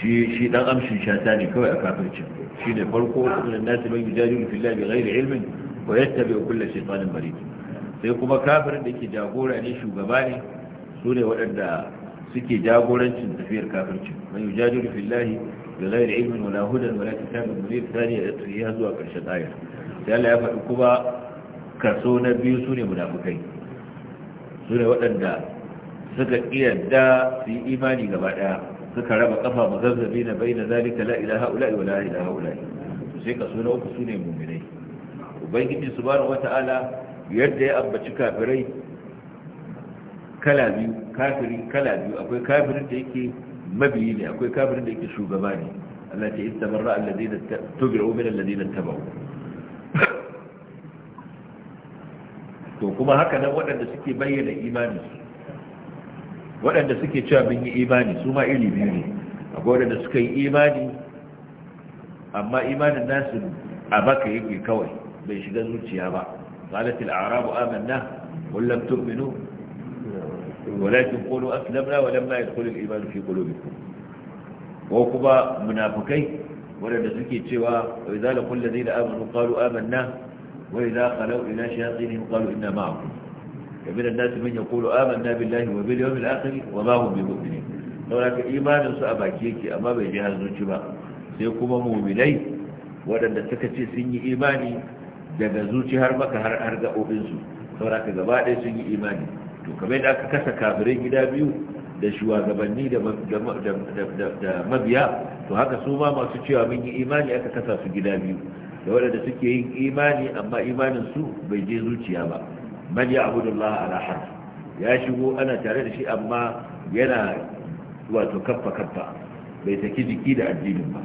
shi dan amshin shata ne kawai a kafircin shi ne farko na sunan nasi da yujadilu da bighairi ilmin wa yattabi'u kulla shaytanin marid sai kuma kafirin da yake jagora ne shugaba ne su ne waɗanda suke jagorancin tafiyar kafirci man yujadilu fillahi bi da ilmin wala hudan wala kitabin da thani ya tsaya zuwa karshen ayar sai Allah ya faɗi kuma kaso na biyu su ne munafukai. Su ne waɗanda suka kiyarda su yi imani gaba daya suka raba kafa mazazzabi na bayna zalika la ilaha illa huwa la ilaha illa sai kaso na uku ne mu'minai ubangiji subhanahu wata'ala yadda ya ambaci kafirai kala biyu kafiri kala biyu akwai kafirin da yake mabiyi ne akwai kafirin da yake shugaba ne Allah ce ta istabarra alladheena tubi'u min alladheena tabu to kuma haka nan waɗanda suke bayyana imani waɗanda suke cewa mun yi imani su ma iri biyu ne akwai waɗanda suka yi imani amma imanin nasu a baka yake kawai bai shiga zuciya ba qalatil a'rabu amanna wal lam tu'minu walakin qulu aslamna wa lamma yadkhul al-iman fi qulubikum ko kuma munafikai wanda suke cewa idza laqul ladina amanu qalu amanna wa idza khalu ila shayatinihim qalu inna ma'akum kabira an-nas man yaqulu amanna billahi wa bil yawmil akhir wa ma hum bimu'minin saboda imanin su a baki yake amma bai ji har zuci ba sai kuma mu'minai waɗanda suka ce sun yi imani daga zuci har maka har har gaɓoɓinsu saboda ka gaba ɗaya sun yi imani to kamar da aka kasa kafirai gida biyu da shugabanni da mabiya to haka su ma masu cewa mun yi imani aka kasa su gida biyu da waɗanda suke yin imani amma imanin su bai je zuciya ba man ya abudullah ala harf ya shigo ana tare da shi amma yana wato kaffa kaffa bai saki jiki da addinin ba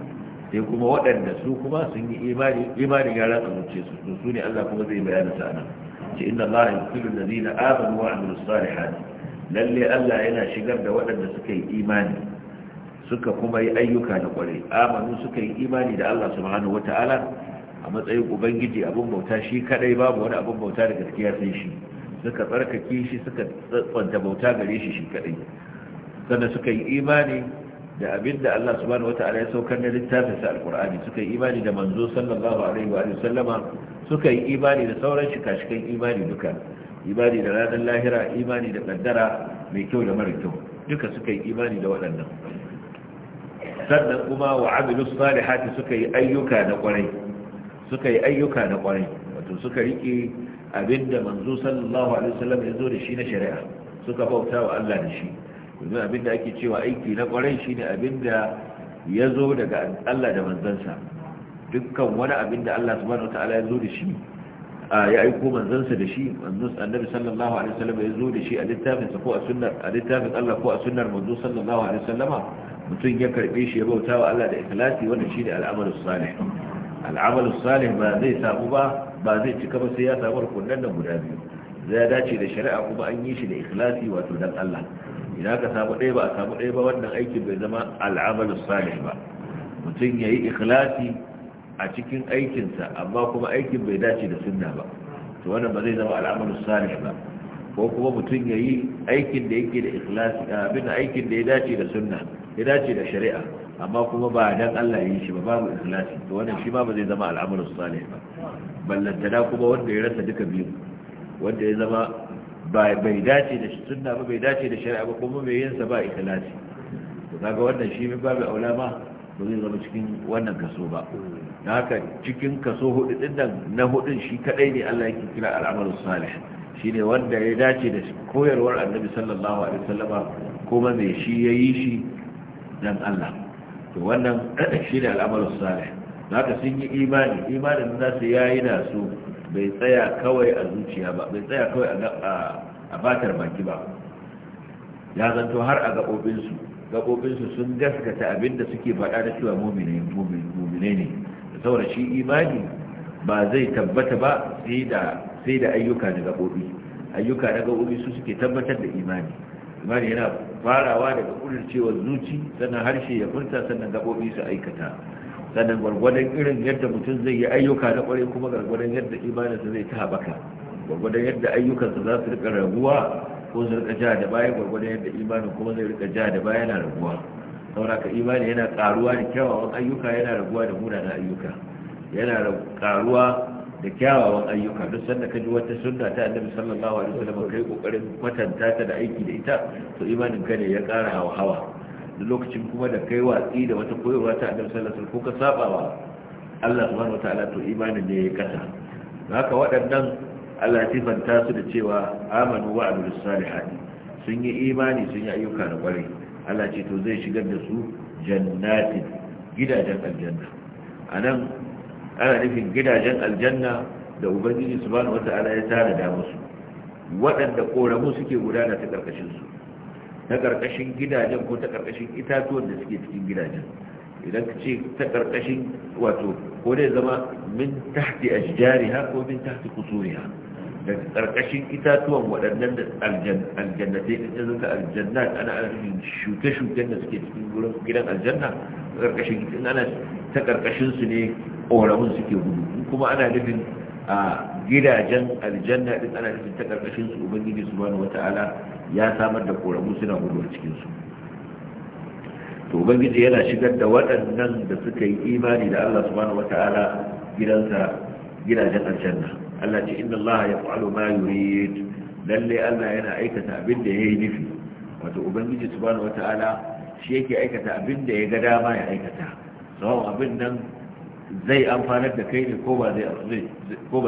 sai kuma waɗanda su kuma sun yi imani imanin ya ratsa zuciya su su ne Allah kuma zai bayyana sa'anar ce inna allaha yudkhilu alladhina amanu wa amilus salihati lalle Allah yana shigar da waɗanda suka yi imani suka kuma yi ayyuka na kwarai amanu suka yi imani da Allah subhanahu wata'ala a matsayin ubangiji abin bauta shi kadai babu wani abin bauta da gaskiya sai shi suka tsarkake shi suka tsanta bauta gare shi shi kadai sannan suka yi imani da abin da Allah subhanahu wata'ala ya saukar na littafin sa alqur'ani suka yi imani da manzo sallallahu alaihi wa sallama suka yi imani da sauran shikashikan imani duka imani da ranar lahira imani da kaddara mai kyau da mara kyau duka suka yi imani da waɗannan sannan kuma wa amilu salihati suka yi ayyuka na kwarai suka yi ayyuka da kwarai wato suka rike abinda manzo sallallahu alaihi wasallam ya zo da shi na shari'a suka bauta wa Allah da shi domin abin da ake cewa aiki na kwarai shine abin da ya zo daga Allah da manzansa dukkan wani abin da Allah subhanahu wataala ya zo da shi ya aiko manzansa da shi manzon annabi sallallahu alaihi wasallam ya zo da shi a littafin sa ko a sunnar a littafin Allah ko a sunnar manzo sallallahu alaihi wasallama mutum ya karbe shi ya bauta wa Allah da ikhlasi wannan shine al'amalu salih al'amalu salih ba zai samu ba ba zai cika ba sai ya samu rukunan nan guda biyu zai dace da shari'a kuma an yi shi da ikhlasi wato dan Allah idan ka samu ɗaya ba a samu ɗaya ba wannan aikin bai zama al'amalu salih ba mutum ya yi ikhlasi a cikin aikinsa amma kuma aikin bai dace da sunna ba to wannan ba zai zama al'amalu salih ba ko kuma mutum ya yi aikin da yake da ikhlasi abin aikin da ya dace da sunna ya dace da shari'a amma kuma ba dan Allah ya yi shi ba babu ikhlasi to wannan shi ma ba zai zama al'amalu salih ba ballantana kuma wanda ya rasa duka biyu wanda ya zama bai dace da sunna ba bai dace da shari'a ba kuma bai yin sa ba ikhlasi to kaga wannan shi min babu aulama ba zai zama cikin wannan kaso ba da haka cikin kaso hudu din nan na hudun shi kadai ne Allah yake kira al'amalu salih shine wanda ya dace da koyarwar Annabi sallallahu alaihi wasallama kuma me shi yayi shi dan Allah to wannan shi ne al'amalu salih da haka sun yi imani imanin nasu yayi na su bai tsaya kawai a zuciya ba bai tsaya kawai a batar baki ba ya zanto har a gaɓoɓinsu gaɓoɓinsu sun gaskata abinda suke faɗa da cewa muminai ne saboda shi imani ba zai tabbata ba sai da ayyuka na gaɓoɓi ayyuka na gaɓoɓi su suke tabbatar da imani imani yana farawa daga ƙudurcewar zuci sannan harshe ya furta sannan gaɓoɓi su aikata sannan gwargwadon irin yadda mutum zai yi ayyuka na kwarai kuma gwargwadon yadda imaninsa zai ta haɓaka gwargwadon yadda ayyukansa za su rika raguwa ko su rika ja da baya gwargwadon yadda imanin kuma zai rika ja da baya yana raguwa ka imani yana karuwa da kyawawan ayyuka yana raguwa da munanan ayyuka yana karuwa da kyawawan ayyuka duk sanda ka ji wata sunna ta annabi sallallahu alaihi wasallam kai kokarin kwatanta ta da aiki da ita to imanin ka ne ya ƙara hawa hawa da lokacin kuma da kai watsi da wata koyarwa ta adam sallallahu alaihi wasallam ko ka sabawa Allah subhanahu wataala to imanin ne ya kasa haka waɗannan Allah ya tifanta su da cewa amanu wa amilu salihati sun yi imani sun yi ayyuka na kwarai Allah ce to zai shigar da su jannatin gidajen aljanna anan ana nufin gidajen aljanna da ubangiji subhanahu wataala ya tara da musu waɗanda koramu suke gudana ta karkashin su ta ƙarƙashin gidajen ko ta ƙarƙashin itatuwan da suke cikin gidajen idan ka ce ta ƙarƙashin wato ko dai zama min tahti ashjariha ko min tahti qusuriha daga ƙarƙashin itatuwan waɗannan da aljannatai da zuka aljanna ana arfin shuke-shuken da suke cikin gidan aljanna ta karkashin ana ta karkashin su ne ƙoramin suke gudu kuma ana nufin a gidajen aljanna din ana cikin ta karkashin su ubangiji subhanahu wata'ala ya samar da koramu suna gudu cikin su to ubangiji yana shigar da waɗannan da suka yi imani da Allah subhanahu wata'ala gidansa gidajen aljanna Allah ce inna Allah ya fa'alu ma yurid lalle Allah yana aikata abin da yayi nufi wato ubangiji subhanahu wata'ala shi yake aikata abin da ya ga dama ya aikata sawan abin nan zai amfanar da kai ne ko ba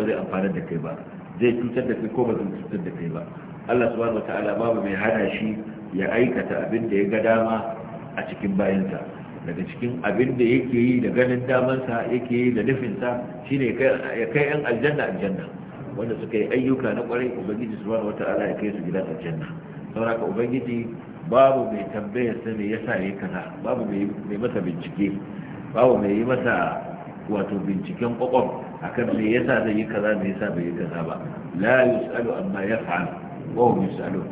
zai amfanar da kai ba zai cutar da kai ko ba zai cutar da kai ba Allah subhanahu ta'ala, babu mai hana shi ya aikata abin da ya ga dama a cikin bayansa daga cikin abin da yake yi da ganin damansa yake yi da nufinsa shine ya kai yan aljanna aljanna wanda suka yi ayyuka na kwarai ubangiji subhanahu ta'ala, ya kai su gidan aljanna saboda ubangiji babu mai tambayar sa me yasa yayi kaza babu mai masa bincike babu mai yi masa wato binciken kwakwam akan me yasa zai yi kaza me yasa bai yi kaza ba la yusalu amma yaf'al wa hum yusalun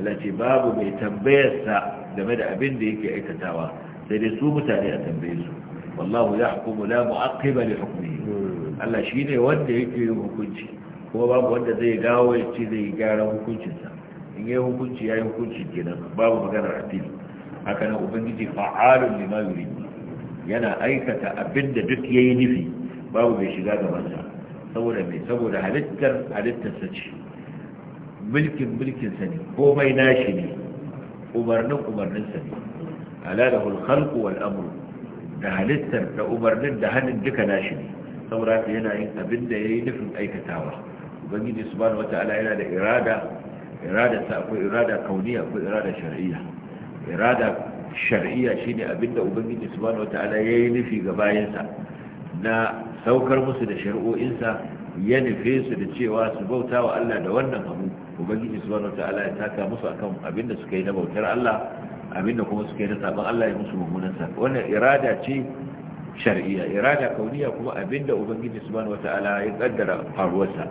Allah ce babu mai tambayar sa game da abin da yake aikatawa sai dai su mutane a tambaye su wallahu yahkumu la mu'aqqiba li hukmihi Allah shine wanda yake yin hukunci kuma babu wanda zai dawo ya ce zai gyara hukuncinsa in yi hukunci ya yi hukunci kenan babu maganar afil haka nan ubangiji fa'alun lima yuridu yana aikata abin da duk ya yi nufi babu bai shiga gabansa saboda mai saboda halittar halittarsa ce mulkin mulkinsa ne komai nashi ne umarnin umarninsa ne halalahul khalqu wal amru da halittar da umarnin da hannun duka nashi ne saboda yana yin abin da ya yi nufin aikatawa ubangiji su bani wata ala yana da irada irada ta akwai irada kauniya akwai irada shari'a, irada shar'iyya shine abinda ubangiji subhanahu wataala yayi nufi ga bayansa na saukar musu da shari'o'insa ya nufe su da cewa su bauta wa Allah da wannan abu ubangiji subhanahu wataala ya taka musu akan abinda suka yi na bautar Allah abinda kuma suka yi na saban Allah ya musu mummunan sa wannan irada ce shari'a irada kauniya kuma abinda ubangiji subhanahu wataala ya kaddara faruwarsa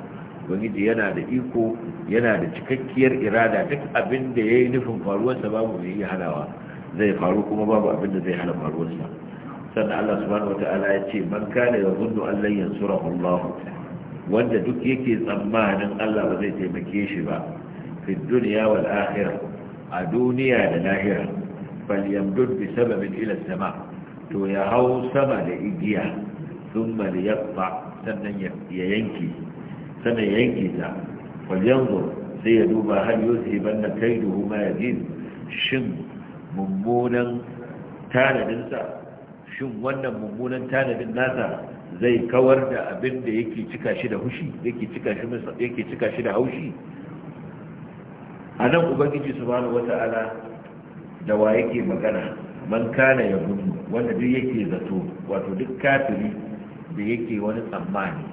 ubangiji yana da iko yana da cikakkiyar irada duk abinda yi nufin faruwarsa babu mai iya hanawa zai faru kuma babu abin da zai hana faruwarsa sannan Allah subhanahu wata'ala ya ce man kana yazunnu an lan yansurahu Allah wanda duk yake tsammanin Allah ba zai taimake shi ba fi dunya wal akhirah a duniya da lahira falyamdud bi sababin ila sama to ya hau sama da igiya thumma liyaqta sannan ya yanke sannan ya yanke ta falyanzur sai ya duba hal yusibanna kaiduhu ma yajid shin mummunan tanadinsa shin wannan mummunan tanadin nasa zai kawar da abin da yake cika shi da hushi yake cika shi da haushi anan ubangiji subhanahu wata'ala da wa yake magana man kana ya gudu wanda duk yake zato wato duk kafiri da yake wani tsammani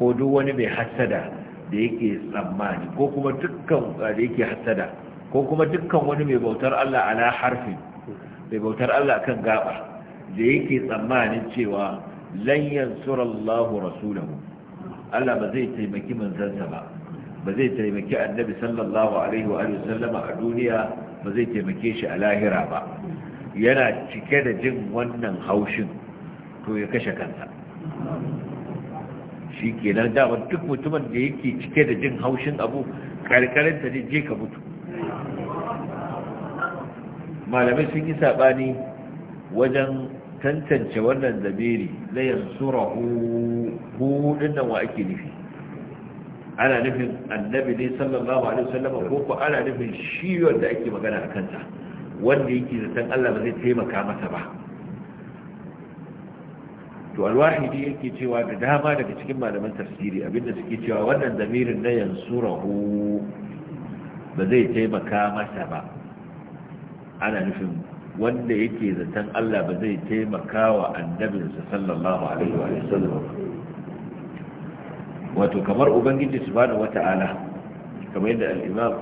ko duk wani mai hasada da yake tsammani ko kuma dukkan da yake hasada ko kuma dukkan wani mai bautar Allah a ala harfin, mai bautar Allah kan gaba da yake tsammanin cewa lan surallahu Allahu rasulahu Allah ba zai taimaki manzansa ba ba zai taimaki annabi sallallahu alaihi wa sallama a duniya ba zai taimake shi a lahira ba yana cike da jin wannan haushin to ya kashe kansa shi kenan dama duk mutumin da yake cike da jin haushin abu karkarinta ne je ka mutu malamai sun yi saɓani wajen tantance wannan zamiri na yansura hudun nan wa ake nufi ana nufin annabi ne sallallahu alaihi wasallam ko ko ana nufin shi wanda ake magana a kansa wanda yake zaton Allah ba zai taimaka masa ba to alwahidi yake cewa da dama daga cikin malaman tafsiri abinda suke cewa wannan zamirin na rahu ba zai taimaka masa ba ana nufin wanda yake zaton Allah ba zai taimaka wa annabinsa sallallahu alaihi wa sallam wato kamar ubangiji subhanahu wata'ala kamar yadda al-imam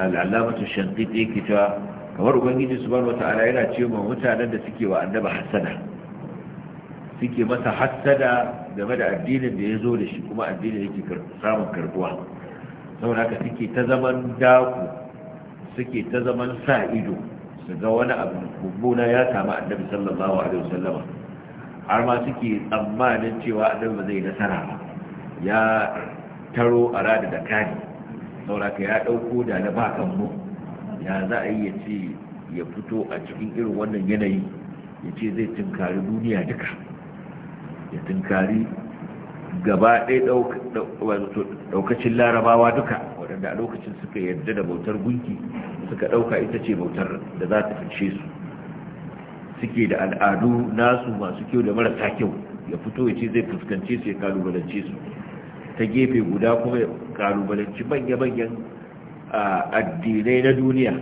al-allamatu shanqiti yake cewa kamar ubangiji subhanahu wata'ala yana cewa mutanen da suke wa annaba hasada suke masa hasada game da addinin da ya zo da shi kuma addinin yake samun karbuwa saboda haka suke ta zaman daku suke ta zaman sa ido su ga wani abu mummuna ya samu annabi sallallahu alaihi wasallam har ma suke tsammanin cewa annabi ba zai nasara ba ya taro a rada da kari sauraka ya dauko da na ba kan mu ya za a yi ya ce ya fito a cikin irin wannan yanayi ya ce zai tunkari duniya duka ya tunkari gaba ɗaya ɗaukacin larabawa duka waɗanda a lokacin suka yarda da bautar gunki suka ɗauka ita ce bautar da za ta fice su suke da al'adu nasu masu kyau da marasa kyau ya fito ya ce zai fuskance su ya kalubalance su ta gefe guda kuma ya kalubalanci manya-manyan addinai na duniya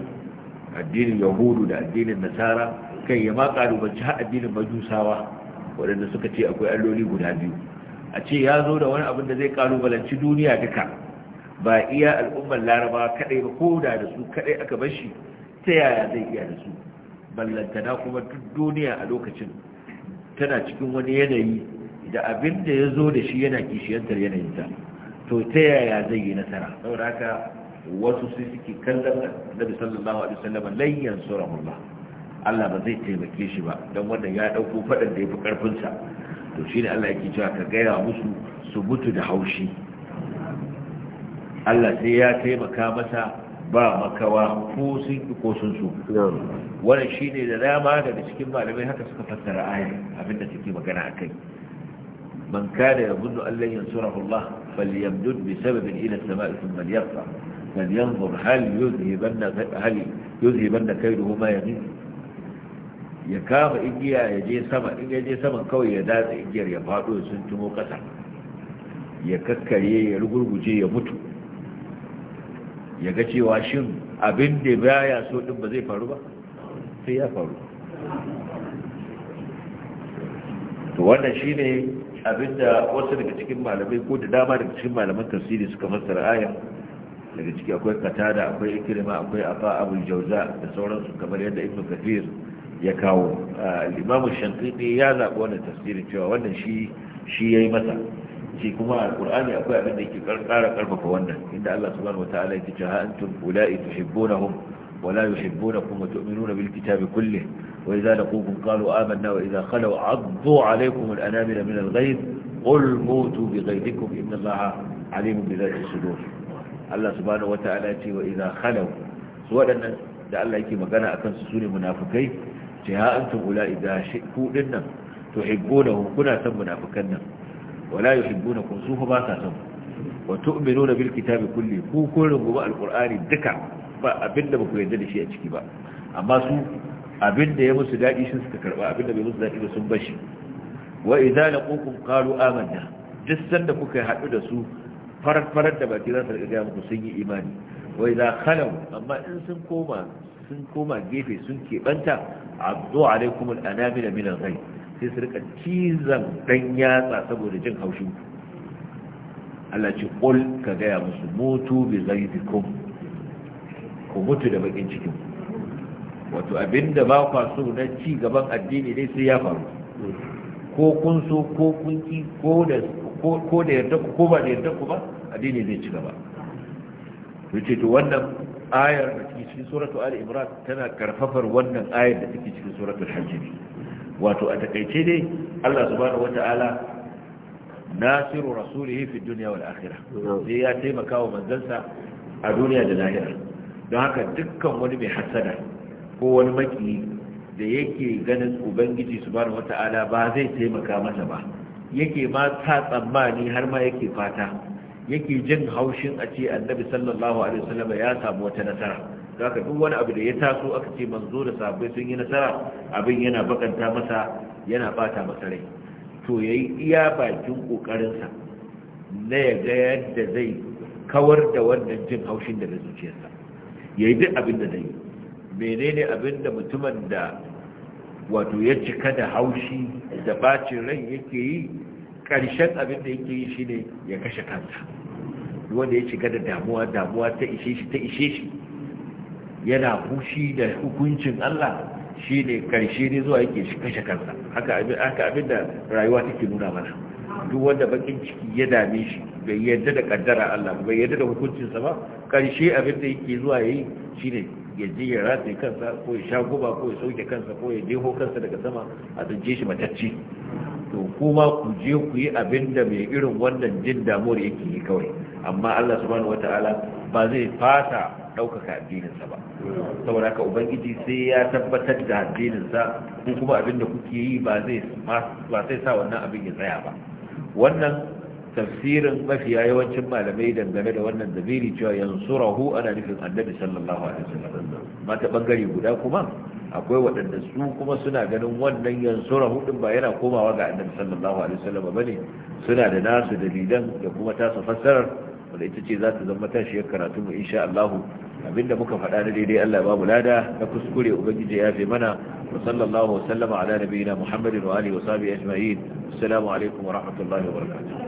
addinin yahudu da addinin nasara kai ya ma kalubanci har addinin majusawa waɗanda suka ce akwai alloli guda biyu a ce ya zo da wani abin da zai kalubalanci duniya duka ba iya al'ummar laraba kadai ba ko da da su kadai aka bar shi ta yaya zai iya da su ballantana kuma duk duniya a lokacin tana cikin wani yanayi da abin da ya zo da shi yana kishiyantar yanayinta to ta yaya zai yi nasara saboda haka wasu sai suke kallon bi sallallahu alaihi wasallam lan yansurahullah Allah ba zai taimake shi ba dan wanda ya ɗauko fadan da yafi karfin sa to shine Allah yake cewa ka gaya musu su mutu da haushi Allah sai ya taimaka masa ba makawa ko sun ki ko sun su wannan shine da dama daga cikin malamai haka suka fassara ayar abinda take magana a akai man ya yabuddu Allah yansurahu Allah falyamdud bi sababin ila as-sama'i thumma liyaqta falyanzur hal yuzhibanna hal yuzhibanna kayduhu ma yaghib ya kama igiya ya je sama in ya je sama kawai ya datsa igiyar ya faɗo fado sun tumo ƙasa. ya kakkare ya rugurguje ya mutu ya ga cewa shin abin da baya so din ba zai faru ba sai ya faru to wannan shine abinda wasu daga cikin malamai ko da dama daga cikin malaman tafsiri suka fassara ayar daga ciki akwai katada akwai ikirima akwai afa abul jauza da sauransu kamar yadda ibnu kafir ya kawo al-imam ya zaɓi wannan tasirin cewa wannan shi ya yi masa shi kuma alkur'ani akwai abin da ke kara karfafa wannan inda Allah subhanahu wa ta'ala yake cewa antum ulai tuhibbunahum wa la yuhibbunakum wa tu'minuna bil kitabi kullih wa idza laqukum qalu amanna wa idza khalu 'addu 'alaykum al anabira min al ghayb qul mutu bi ghaydikum inna allaha 'alim bi dhati sudur Allah subhanahu wa ta'ala yace wa idza khalu su wadannan da Allah yake magana akan su sune munafikai ce ha antum da shi ku dinnan tuhibbunahum kuna san munafikan nan wala yuhibbunakum su ba sa son wa tu'minuna bil kitabi kulli ku kun rububa alqur'ani duka ba abinda ba yarda da shi a ciki ba amma su abinda ya musu dadi shi suka karba abinda bai musu dadi ba sun bashi wa idza laqukum qalu amanna duk sanda kuka haɗu da su farar da baki za su riga muku sun yi imani wai za kalau amma in sun koma koma gefe sun keɓanta abdu alaikum al'anamina min al-ghayb sai su rika cizon dan yatsa saboda jin haushi Allah ce qul ka gaya musu mutu bi zaidikum ku mutu da bakin cikin wato abinda ba ku so na ci gaban addini dai sai ya faru ko kun so ko kun ki ko da ko da yarda ku ko ba da yarda ku ba addini zai ci gaba yace to wannan ayar da cikin suratul ali imran tana karfafar wannan ayar da take cikin suratul hajj wato a takaice dai Allah subhanahu wata'ala nasiru rasulihi fi dunya wal akhirah sai ya taimaka wa manzansa a duniya da lahira don haka dukkan wani mai hasada ko wani maki da yake ganin ubangiji subhanahu wata'ala ba zai taimaka masa ba yake ma ta tsammani har ma yake fata yake jin haushin a ce annabi sallallahu alaihi wasallam ya samu wata nasara zaka duk wani abu da ya taso aka ce manzo da sahabbai sun yi nasara abin yana bakanta masa yana bata masa rai to yayi iya bakin kokarinsa na ya ga yadda zai kawar da wannan jin haushin da daga zuciyarsa yayi duk abin da zai menene abin da mutumin da wato ya cika da haushi da bacin rai yake yi karshen abin da yake yi shine ya kashe kansa wanda ya shiga da damuwa damuwa ta ishe shi ta ishe shi yana fushi da hukuncin Allah shi ne karshe ne zuwa yake shi kashe kansa haka abin da rayuwa take nuna mana duk wanda bakin ciki ya dame shi bai yadda da kaddara Allah bai yadda da hukuncinsa ba karshe abin da yake zuwa yayi ne ya je ya rataye kansa ko ya sha guba ko ya sauke kansa ko ya jeho kansa daga sama a tsince shi matacce to kuma ku je ku yi abin da mai irin wannan jin damuwar yake yi kawai amma Allah subhanahu wataala ba zai fata ɗaukaka addininsa ba saboda haka ubangiji sai ya tabbatar da addininsa ko kuma abin da kuke yi ba zai sa wannan abin ya tsaya ba wannan tafsirin mafiya yawancin malamai dangane da wannan zamiri cewa yansurahu ana nufin annabi sallallahu alaihi wasallam mata bangare guda kuma akwai waɗanda su kuma suna ganin wannan yansurahu din ba yana komawa ga annabi sallallahu alaihi wasallam bane suna da nasu dalilan da kuma tasu fassarar wanda ita ce za ta zama tashi ya karatu mu insha Allah abinda muka faɗa na daidai Allah ba mu lada na kuskure ubangiji ya fi mana wa sallallahu wa sallama ala nabiyina Muhammadin wa alihi wa sahbihi ajma'in assalamu alaikum wa rahmatullahi wa barakatuh